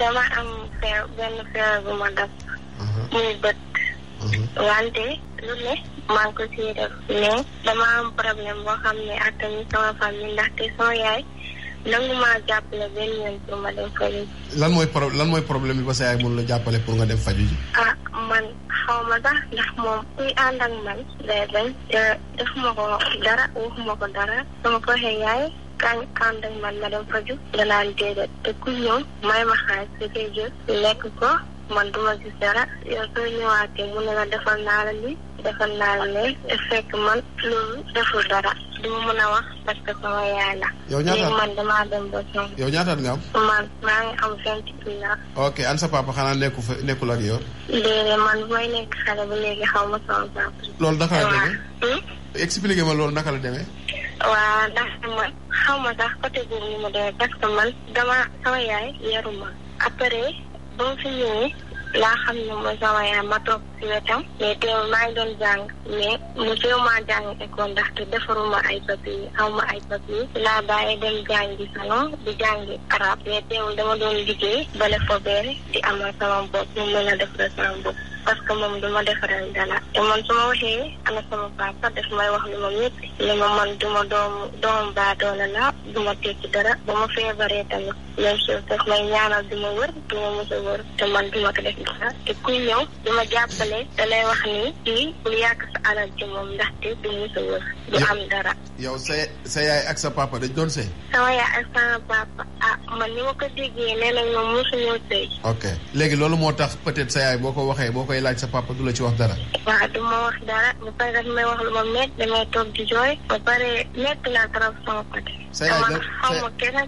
dama am feew benn feew bu ma def mhm. muy bët mhm. wante lu ne maa ko ciy def mais dama am problème boo xam ne ak tamit sama famille ndaxte sama yaay nangu maa jàppale benn lan mooy pro lan mooy problème bi ba sa yaay mun la jàppale pour nga dem faju ji ah man xaw ma sax ndax moom kuy ànd man day bañ te euh, defuma ko dara waxuma ko dara sama ko xee yaay kañ ànd ak man ma dem faju danaan déedéet te ku ñëw may ma xaalis da koy ko man duma gis dara yow soo ñëwaatee mu ne la defal naa la lii defal naa la te fekk man loolu deful dara man damaa maa ngi nekk xale ba léegi xaw ma sama papa. loolu naka la demee. Hmm? expliqué ma loolu naka la demee. waa ndax man xaw ma sax côté boobu ni mu demee parce que man dama sama yaay yaruma après ba fi ñëwee laa xam ne mooy sama ma toog si wetam mais teewul maa ngi doon jàng mais mu teewumaa jàng école ndaxte defaruma ay papier aw ma ay papier laa bàyyi dem jàngi salon di jàngi arab mais teewul dama doon liggéey bale fobeere di amal sama bopp mu mën a defal sama bopp parce que moom du ma defaral dara te man su ma waxee ana may wax ma métti li ma man doom doom baadoona la du ma tekki dara ba ma feebaree loolu daf may ñaanal di ma wër di ma mos a wër te man di ma ko def dara te kuy ñëw di ma jàppale da lay wax ni kii sa alal ci moom ndaxte du mos a wër du am dara. yow sa sa yaay ak sa papa dañ doon sëy. sama yaay ak sama papa ah man ni ma ko déggee nee nañ ma mosuñoo sëy. ok léegi loolu moo tax peut-être sa yaay boo ko waxee boo koy laaj sa papa du la ci wax dara. waaw du ma wax dara pare may wax lu ma damay toog di jooy pare naa trop sama côté. sa yaay da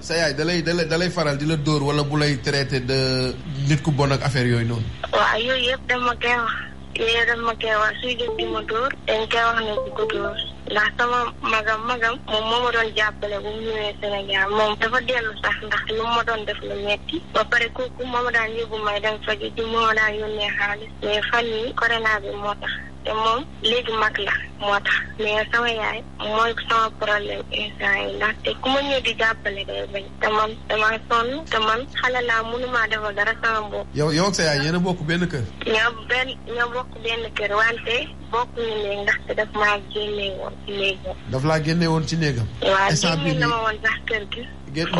sa yaay da lay lay da lay faral di la dóor wala bu lay traité de nit ku bon ak affaire yooyu noonu. waaw yooyu yëpp dama koy wax yooyu dama koy wax suy jóg di ma dóor dañ koy wax ne bu ko dóor ndax sama magam magam moom moo ma doon jàppale bu mu ñëwee Sénégal moom dafa dellu sax ndax lu ma doon def lu metti ba pare kooku moo ma daan yóbbu may dem faju di moo ma daan yónnee xaalis mais fan yi corona moo tax te moom léegi mag la moo tax mais sama yaay mooy sama problème instant yi ndaxte ku ma ñëw di jàppale day bañ te man damaa sonn te man xale laa mënumaa defal dara sama bopp. yow yow ak sa yaay yéen bokk benn kër. ñoo benn ñoo bokk benn kër wante bokk ñu léegi ndaxte daf maa génnee woon ci néegam. daf laa génnee woon ci néegam. instant bii waaw génne na ma woon sax kër gi.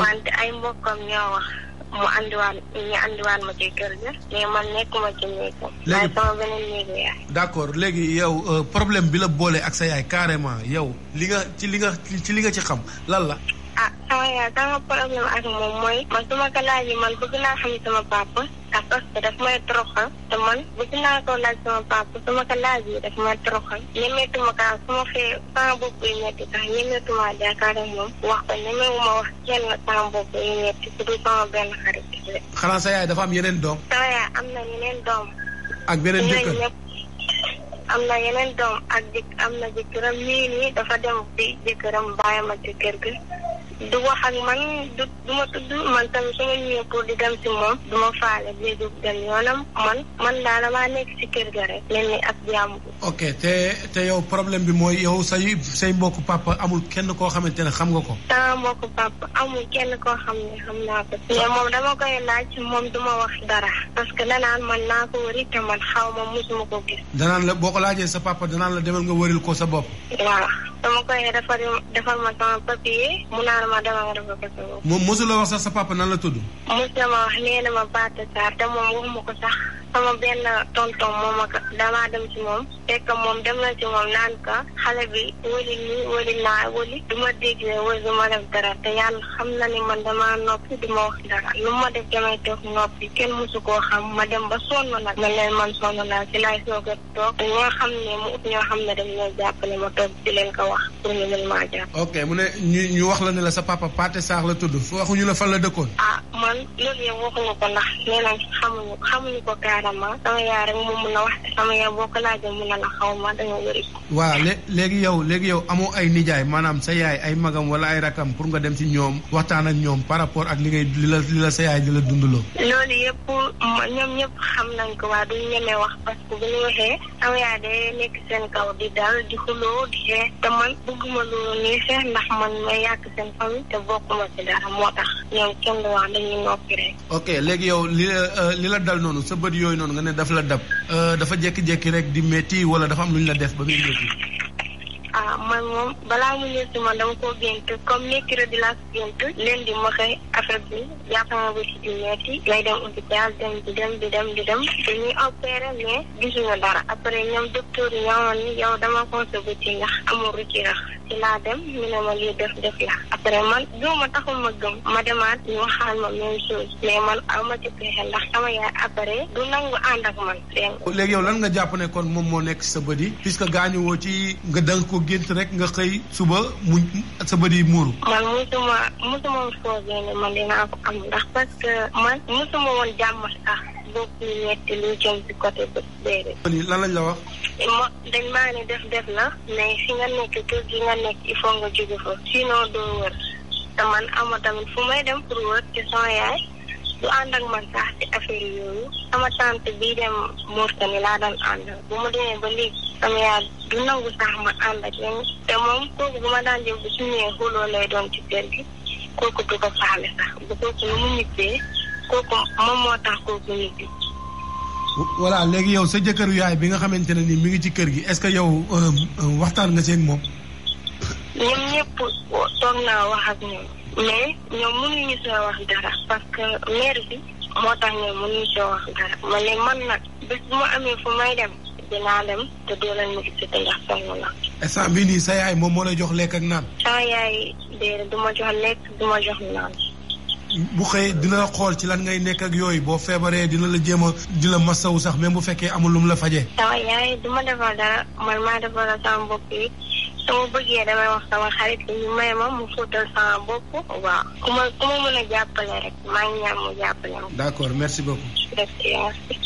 wante ay mbokkam ñoo wax. mu andiwaan ñu andiwaan ma ci kër ga. mais man nekkuma ci néegam. léegi sama beneen néegu yaay. d' accord léegi yow euh, problème bi la boole ak sa yaay carrément yow li nga ci li nga ci li nga ci xam lan la. ah sama yaay sama problème ak moom mooy. man su ma ko man bëgg naa xam sama papa. ak parce que daf may toroxal te naa koo laaj sama papa su ma ko laajee daf may toroxal ñemeetuma kaa su ma fee sama bopp yi metti sax ñemeetuma jaakaar ak moom wax ko ñemewuma wax kenn sama bopp yi metti su dul sama benn xarit xanaa sa yaay dafa am yeneen doom sama yaay am na yeneen doom ak beneen jëkkër am na yeneen doom ak am na jëkkëram nii nii dafa dem fi jëkkëram bàyyi ma ci kër du wax ak man du ma tudd man tamit su ma ñëwee pour di dem si moom du ma faale léegi dem yoonam man man daal damaa nekk si kër ga rek mel ni ak jàmm. ok te te yow problème bi mooy yow say say mbokku papa amul kenn koo xamante ne xam nga ko. sama mbokku papa amul kenn koo xam ne xam naa ko. mais moom dama koy laaj moom du ma wax dara. parce que danaan man naa ko wëri te man xaw ma musuma ko gis. danaan la boo ko laajee sa papa danaan la demal nga wëril ko sa bopp. dama koy defar defar ma sama papier mu naan ma dama nga defar ko sama. moom mosu la wax sax sa papa nan la tudd. mosu la ma wax nee na ma Baata Sarr te moom waxuma ko sax. sama benn tonton moom ak damaa dem ci moom fekk moom dem na ci moom naan ka xale bi wëli nii wëli naa wëli du ma dégg ne ma def dara te yàlla xam na ni man damaa noppi du ma wax dara lu ma def damay toog noppi kenn mësu koo xam ma dem ba sonn nag ma leen man sonn naa ci laay soog a toog ñoo xam ne mu ut ñoo xam ne dañ ñoo jàppale ma toog di leen ko wax pour ñu mën maa jàpp. ok mu ne ñu ñu wax la ne la sa papa Pathé Sarr la tudd waxuñu la fan la dëkkoon. Ah, ma sama yaay rek moom mun a wax sama yaay boo ko laajee mun na la xaw ma dañoo bëri. waaw léegi yow léegi yow amoo ay nijaay maanaam sa yaay ay magam wala ay rakam pour nga dem si ñoom waxtaan ak ñoom par rapport ak li ngay li la li la la dundaloo. loolu yëpp ñoom ñëpp xam nañ ko waa duñ ñemee wax parce ma yàq léegi yow li la euh, li dal noonu sa bët yooyu noonu nga ne daf la dab euh, dafa jékki-jékki rek di métti wala dafa am lu ñu la def ba muy métti. ah man moom balaa mu ñëw si man dama koo gént comme mercredi laa ko gént lundi ma xëy bi jàppama ba si di metti ngay dem hôpital dem di dem di dem di dem dañuy opéré mais gisuñu dara après ñoom docteur yi ñoo ni yow dama consobu ci ndax amul rucci rax ci laa dem ñu ne ma lii def def la après man gëwma taxul gëm ma demaat ñu waxaan ma même chose mais man awma ci pexe ndax sama yaay après du nangu ànd ak man léegi yow lan nga jàpp ne kon moom moo nekk sa bët puisque gaañu woo ci nga dang ko gént rek nga xëy suba mu sa bët yi muuru man musuma musuma foogee ne man dinaa ko am ndax parce que man mosuma woon jàmm sax bopp bi metti lu jëm ci côté bët bee lan lañ la wax. ma dañ def def la mais fi nga gi nga nekk nga jóge fa sinon te man ama tamit fu may dem pour wër te sama yaay du ànd ak man sax ci affaire yooyu sama tante bii dem Mourtani laa daan ànd bu ma demee ba léegi sama yaay du nangu sax ma ànd ak yéen te moom kooku bu ma daan jëm bu suñu xuloo lay doon ci kër gi kooku du faale sax bu kooku nu mu nitee kooku moom moo tax kooku nit voilà léegi yow sa jëkkëru yaay bi nga xamante ne ni mi ngi ci kër gi est-ce que yow euh, euh, waxtaan nga seeg moom. ñoom ñëpp toog naa wax ak ñoom. mais ñoom mënuñu see wax dara. parce que mère bi moo tax ñoom mënuñu see wax dara. ma ne man nag bés bu amee fu may dem dinaa dem te doo leen ma gis te ndax sonn na. instant bii nii sa yaay moom moo lay jox lekk ak naan. saa yaay déedéet jox lekk du jox naan. bu xëyee dina la xool ci lan ngay nekk ak yooyu boo feebaree dina la jéem a di la masawu sax même bu fekkee amul lu mu la faje sama yaay du dara man maa defal la sama bopp yi su bëggee damay wax sama xarit yi ñu may ma mu fóotal sama bopp. waaw ku ma ku ma mën a jàppale rek maa ngi ñaan mu jàppale ma. d'accord merci beaucoup. merci merci.